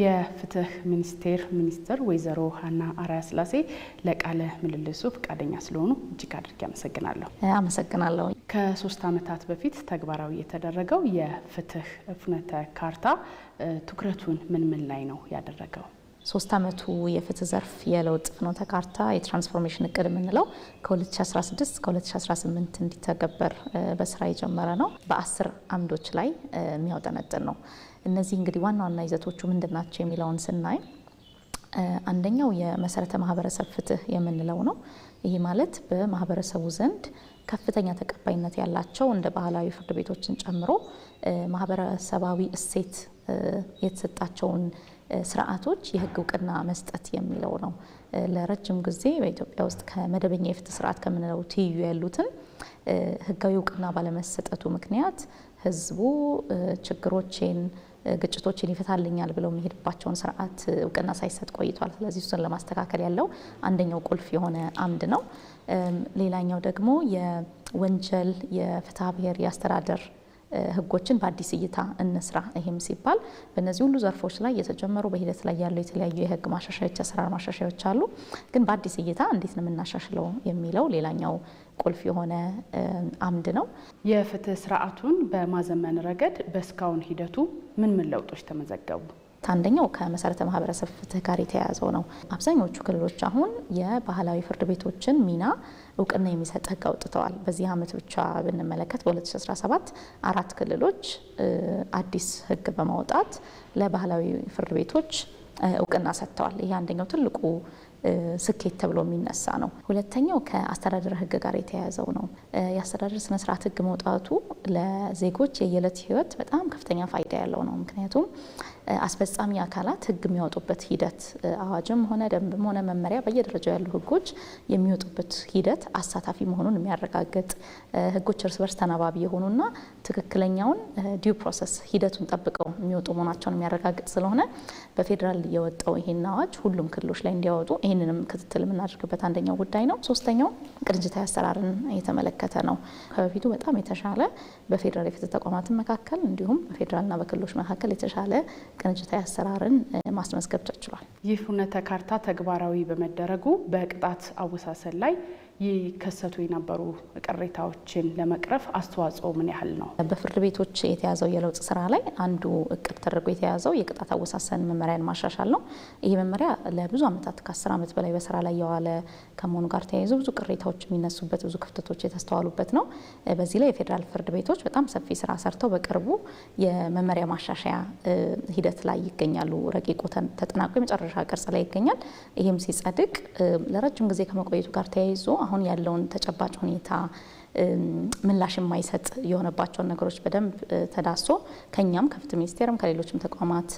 የፍትህ ሚኒስቴር ሚኒስትር ወይዘሮ ሀና አራያ ስላሴ ለቃለ ምልልሱ ፈቃደኛ ስለሆኑ እጅግ አድርጌ አመሰግናለሁ። አመሰግናለሁ። ከሶስት ዓመታት በፊት ተግባራዊ የተደረገው የፍትህ እፍነተ ካርታ ትኩረቱን ምን ምን ላይ ነው ያደረገው? ሶስት ዓመቱ የፍትህ ዘርፍ የለውጥ ፍኖተ ካርታ የትራንስፎርሜሽን እቅድ የምንለው ከ2016 ከ2018 እንዲተገበር በስራ የጀመረ ነው። በአስር አምዶች ላይ የሚያውጠነጥን ነው። እነዚህ እንግዲህ ዋና ዋና ይዘቶቹ ምንድን ናቸው የሚለውን ስናይ አንደኛው የመሰረተ ማህበረሰብ ፍትህ የምንለው ነው። ይሄ ማለት በማህበረሰቡ ዘንድ ከፍተኛ ተቀባይነት ያላቸው እንደ ባህላዊ ፍርድ ቤቶችን ጨምሮ ማህበረሰባዊ እሴት የተሰጣቸውን ስርዓቶች የህግ እውቅና መስጠት የሚለው ነው። ለረጅም ጊዜ በኢትዮጵያ ውስጥ ከመደበኛ የፍትህ ስርዓት ከምንለው ትይዩ ያሉትን ህጋዊ እውቅና ባለመሰጠቱ ምክንያት ህዝቡ ችግሮቼን ግጭቶችን ይፈታልኛል ብለው የሚሄድባቸውን ስርዓት እውቅና ሳይሰጥ ቆይቷል። ስለዚህ እሱን ለማስተካከል ያለው አንደኛው ቁልፍ የሆነ አምድ ነው። ሌላኛው ደግሞ የወንጀል የፍትሐ ብሔር የአስተዳደር ህጎችን በአዲስ እይታ እንስራ። ይህም ሲባል በእነዚህ ሁሉ ዘርፎች ላይ የተጀመሩ በሂደት ላይ ያሉ የተለያዩ የህግ ማሻሻዮች፣ አሰራር ማሻሻዮች አሉ። ግን በአዲስ እይታ እንዴት ነው የምናሻሽለው የሚለው ሌላኛው ቁልፍ የሆነ አምድ ነው። የፍትህ ስርዓቱን በማዘመን ረገድ በእስካሁን ሂደቱ ምን ምን ለውጦች ተመዘገቡ? አንደኛው ከመሰረተ ማህበረሰብ ፍትህ ጋር የተያያዘው ነው። አብዛኞቹ ክልሎች አሁን የባህላዊ ፍርድ ቤቶችን ሚና እውቅና የሚሰጥ ህግ አውጥተዋል። በዚህ ዓመት ብቻ ብንመለከት በ2017 አራት ክልሎች አዲስ ህግ በማውጣት ለባህላዊ ፍርድ ቤቶች እውቅና ሰጥተዋል። ይህ አንደኛው ትልቁ ስኬት ተብሎ የሚነሳ ነው። ሁለተኛው ከአስተዳደር ህግ ጋር የተያያዘው ነው። የአስተዳደር ስነስርዓት ህግ መውጣቱ ለዜጎች የየዕለት ህይወት በጣም ከፍተኛ ፋይዳ ያለው ነው። ምክንያቱም አስፈጻሚ አካላት ህግ የሚያወጡበት ሂደት አዋጅም ሆነ ደንብም ሆነ መመሪያ በየደረጃው ያሉ ህጎች የሚወጡበት ሂደት አሳታፊ መሆኑን የሚያረጋግጥ ህጎች እርስ በርስ ተናባቢ የሆኑና ትክክለኛውን ዲው ፕሮሰስ ሂደቱን ጠብቀው የሚወጡ መሆናቸውን የሚያረጋግጥ ስለሆነ በፌዴራል የወጣው ይሄን አዋጅ ሁሉም ክልሎች ላይ እንዲያወጡ ይህንንም ክትትል የምናደርግበት አንደኛው ጉዳይ ነው። ሶስተኛው ቅንጅታዊ አሰራርን የተመለከተ ነው። ከበፊቱ በጣም የተሻለ በፌዴራል የፍትህ ተቋማት መካከል እንዲሁም በፌዴራልና በክልሎች መካከል የተሻለ ቅንጅታዊ አሰራርን ማስመዝገብ ተችሏል። ይህ ሁነተ ካርታ ተግባራዊ በመደረጉ በቅጣት አወሳሰል ላይ ይከሰቱ የነበሩ ቅሬታዎችን ለመቅረፍ አስተዋጽኦ ምን ያህል ነው? በፍርድ ቤቶች የተያዘው የለውጥ ስራ ላይ አንዱ እቅድ ተደርጎ የተያዘው የቅጣት አወሳሰን መመሪያን ማሻሻል ነው። ይህ መመሪያ ለብዙ ዓመታት ከአስር ዓመት በላይ በስራ ላይ የዋለ ከመሆኑ ጋር ተያይዞ ብዙ ቅሬታዎች የሚነሱበት ብዙ ክፍተቶች የተስተዋሉበት ነው። በዚህ ላይ የፌዴራል ፍርድ ቤቶች በጣም ሰፊ ስራ ሰርተው በቅርቡ የመመሪያ ማሻሻያ ሂደት ላይ ይገኛሉ። ረቂቁ ተጠናቆ የመጨረሻ ቅርጽ ላይ ይገኛል። ይህም ሲጸድቅ ለረጅም ጊዜ ከመቆየቱ ጋር ተያይዞ አሁን ያለውን ተጨባጭ ሁኔታ ምላሽ የማይሰጥ የሆነባቸውን ነገሮች በደንብ ተዳሶ ከኛም ከፍትህ ሚኒስቴርም ከሌሎችም ተቋማት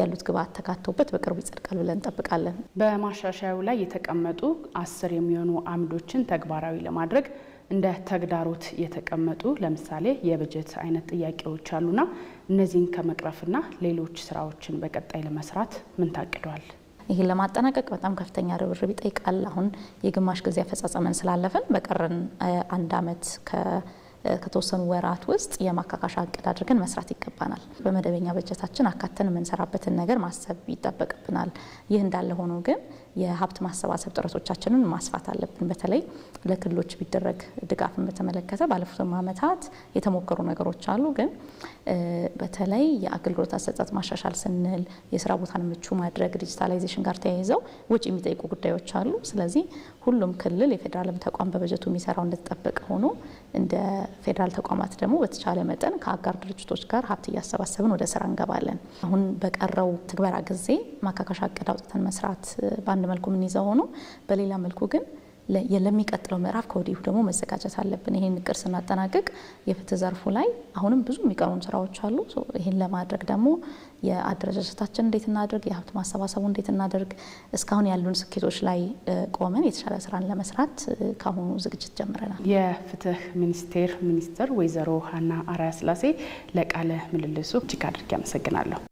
ያሉት ግብዓት ተካቶበት በቅርቡ ይጸድቃል ብለን እንጠብቃለን። በማሻሻያው ላይ የተቀመጡ አስር የሚሆኑ አምዶችን ተግባራዊ ለማድረግ እንደ ተግዳሮት የተቀመጡ ለምሳሌ የበጀት አይነት ጥያቄዎች አሉና እነዚህን ከመቅረፍና ሌሎች ስራዎችን በቀጣይ ለመስራት ምን ታቅደዋል? ይህን ለማጠናቀቅ በጣም ከፍተኛ ርብርብ ይጠይቃል። አሁን የግማሽ ጊዜ አፈጻጸመን ስላለፍን በቀረን አንድ ዓመት ከተወሰኑ ወራት ውስጥ የማካካሻ እቅድ አድርገን መስራት ይገባናል። በመደበኛ በጀታችን አካተን የምንሰራበትን ነገር ማሰብ ይጠበቅብናል። ይህ እንዳለ ሆኖ ግን የሀብት ማሰባሰብ ጥረቶቻችንን ማስፋት አለብን። በተለይ ለክልሎች ቢደረግ ድጋፍን በተመለከተ ባለፉት ዓመታት የተሞከሩ ነገሮች አሉ። ግን በተለይ የአገልግሎት አሰጣጥ ማሻሻል ስንል የስራ ቦታን ምቹ ማድረግ፣ ዲጂታላይዜሽን ጋር ተያይዘው ውጭ የሚጠይቁ ጉዳዮች አሉ። ስለዚህ ሁሉም ክልል የፌዴራልም ተቋም በበጀቱ የሚሰራው እንደተጠበቀ ሆኖ እንደ ፌዴራል ተቋማት ደግሞ በተቻለ መጠን ከአጋር ድርጅቶች ጋር ሀብት እያሰባሰብን ወደ ስራ እንገባለን። አሁን በቀረው ትግበራ ጊዜ ማካካሻ እቅድ አውጥተን መስራት ባን በአንድ መልኩ የምንይዘው ሆኖ በሌላ መልኩ ግን ለሚቀጥለው ምዕራፍ ከወዲሁ ደግሞ መዘጋጀት አለብን። ይህን እቅድ ስናጠናቅቅ የፍትህ ዘርፉ ላይ አሁንም ብዙ የሚቀሩን ስራዎች አሉ። ይህን ለማድረግ ደግሞ የአደረጃጀታችን እንዴት እናድርግ፣ የሀብት ማሰባሰቡ እንዴት እናድርግ፣ እስካሁን ያሉን ስኬቶች ላይ ቆመን የተሻለ ስራን ለመስራት ከአሁኑ ዝግጅት ጀምረናል። የፍትህ ሚኒስቴር ሚኒስትር ወይዘሮ ሀና አራያ ስላሴ ለቃለ ምልልሱ እጅግ አድርጌ አመሰግናለሁ።